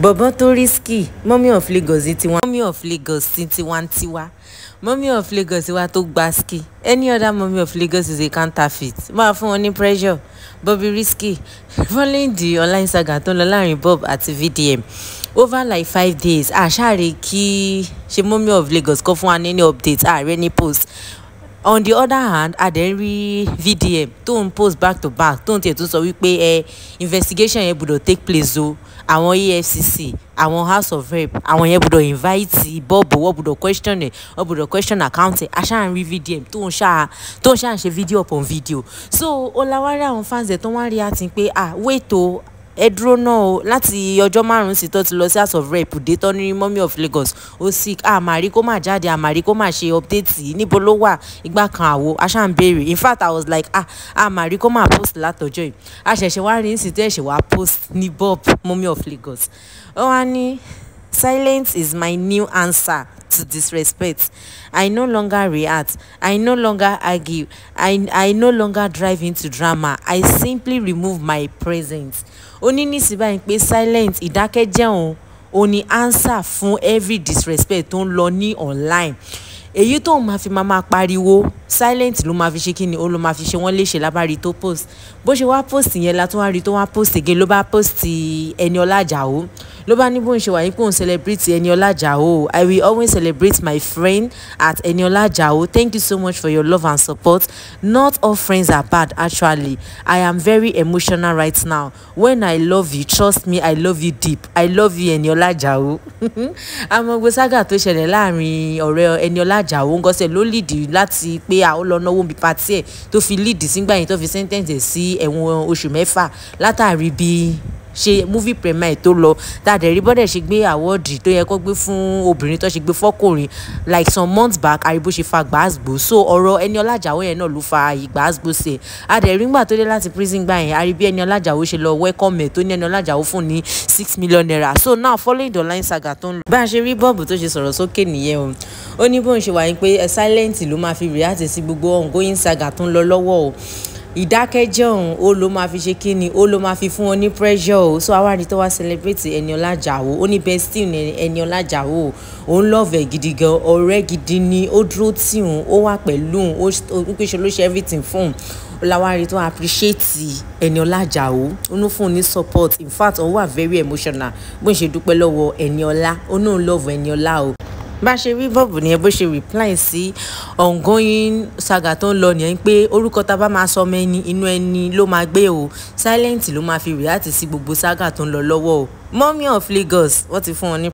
bọ̀bọ́n tó risky mummy of Lagos tiwa mummy of Lagos tiwantiwa mummy of Lagos wa tó gba ski any other mummy of Lagos is a counterfeit máa fún wọn ní pressure Bobby risky following the online saga tó ń lọ láàrin Bob àti VDM over like five days àṣàrè kí ṣe mummy of Lagos kọ́ fún wa ní update ààrẹ ní post on the other hand adẹ̀rí vdm tó ń post back to back tó ń tiẹ̀ tún sọ wípé ẹ investigation yẹn gbọ́dọ̀ take place o àwọn efcc àwọn house of rep àwọn yẹn gbọ́dọ̀ invite bọ́ọ̀bù wọ́n gbọ́dọ̀ question ẹ̀ wọ́n gbọ́dọ̀ question accounting aṣáàrin vdm tó ń ṣáà tó ń ṣáà ṣe video upon video so ó láwárí àwọn fans ẹ̀ tó wá rí àti pé ah wait o ẹ dúró náà o láti ọjọ́ márùn-ún sí tó ti lọ sí house of rep dé ní mummy of lagos ó sick àmàrí kó má jáde àmàrí kó má ṣe update níbo ló wà ìgbà kan àwo aṣá in fact i was like ah àmàrí kó má post látọjọ́ yìí a ṣẹ̀ṣẹ̀ wá rí sí tó ẹ̀ṣẹ̀ wá post ní bob mummy of lagos ó wá ní silence is my new answer to disrespect. I no longer react. I no longer argue. I, I no longer drive into drama. I simply remove my presence. Oni ní nísìbáyìí pé silent ìdákẹ́jẹ́ Oni answer fún every disrespect tó ń lọ ní online. èyí tóun máa fi máa máa pariwo silent ló máa fi ṣe kíni ó ló máa fi ṣe wọ́n léṣe lábárí tó post bó ṣe wá post yẹn la tó wá rí tó wá post ege ló bá post Ẹniọlá Àjàó ló bá ní bóun ṣe wà nípò òun celebrate Ẹniọlá Àjàó I will always celebrate my friend at Ẹniọlá Àjàó thank you so much for your love and support not all friends are bad actually I am very emotional right now when I love you trust me I love you deep I love you Ẹniọlá Àjàó àmọ́ gbèsàgà tó ṣẹlẹ̀ láàrin ọ̀rẹ́ Ẹniọlá Àjàó ń gọ́sẹ̀ ló lìdí láti pé pé à ó lọ náwó bí patí ẹ̀ tó fi lead sígbà yẹn tó fi sentence ẹ̀ sí ẹ̀wọ̀n oṣù mẹ́fà látàrí bí ṣe movie premiere tó lọ tá a dẹ̀ rí bọ́dẹ̀ ṣe gbé àwọ́ọ̀dì tó yẹ kó gbé fún obìnrin tó ṣe gbé fọ́kùnrin like some months back aribo ṣe fa gbàásgbò so ọ̀rọ̀ ẹni ọlájàwó yẹn náà ló fa ìgbàásgbò sí ẹ̀ a dẹ̀ rí ngbà tó dé láti prison gbà yẹn aribi ẹni ọlájàwó ṣe lọ welcome ẹ̀ tó ní ẹni ọlájàwó fún ní six million naira so now following the online saga tó ń lọ. bá a ṣe rí bọ́ọ̀bù tó ṣe sọ̀rọ̀ sókè nìyẹn o ó ní bóun ṣe wà ní pé silent ló máa fi ìdákẹ́jẹ́ ọ̀hún ó ló máa fi ṣe kí ni ó ló máa fi fún wọn ní pressure o so àwa ni tó wá celebrate Eniola Jao ó ní bestie ni Eniola Jao òun lọ́ọ̀vẹ̀ gidi gan ọ̀rẹ́ gidi ni ó dúró tì òun ó wà pẹ̀lú òun ó pèsè ló everything fún òun làwa rí tó appreciate Eniola Jao òun fún un ní support in fact òun wà very emotional bó ń ṣe dúpẹ́ lọ́wọ́ Eniola ó náà lọ́ọ̀vẹ̀ Eniola o bá a ṣe rí bọ́ọ̀bù nìyẹn bó ṣe reply sí ongoing saga tó ń lọ nìyẹn pé orúkọ tá a bá máa sọ ọmọ ẹni inú ẹni ló máa gbé o silent ló máa fi react sí gbogbo saga tó ń lọ lọ́wọ́ o mọ́mí of Lagos wọ́n ti fún wọn ní